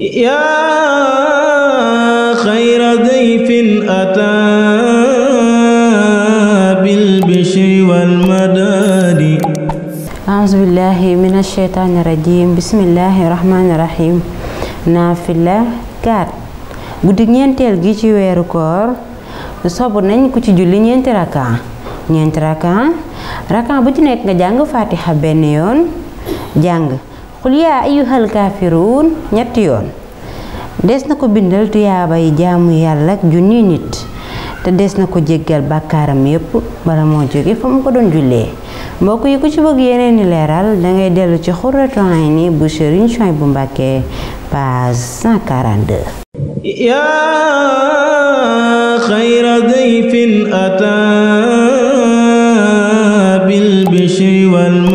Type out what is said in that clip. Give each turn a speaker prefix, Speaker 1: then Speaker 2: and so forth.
Speaker 1: yaa xayra dayfin ataa bil bishri wal madaadi
Speaker 2: auzu billahi min asheytaani rajim bismillahi rahmaani rahim naafila ñeenteel gi ci weeru koor sobu nañ ku ci julli ñeenti rakaa ñeenti rakaa rakaa bu ci nekk nga jàng faatiha benn yoon jàng xul yaa ayyuhal kaafiruun ñetti yoon des na ko bindal tuyaabay jaamu yàlla ak nit te des na ko jéggal bàkkaaram yépp bala moo jóge fa mu ko doon jullee mbokk yi ku ci bëgg yeneen leeral dangay dellu ci Xurratul Ayni bu Sëriñ Suwaybu Mbàkke page 142
Speaker 1: yaa xayra dayfin ataa bil bishri wal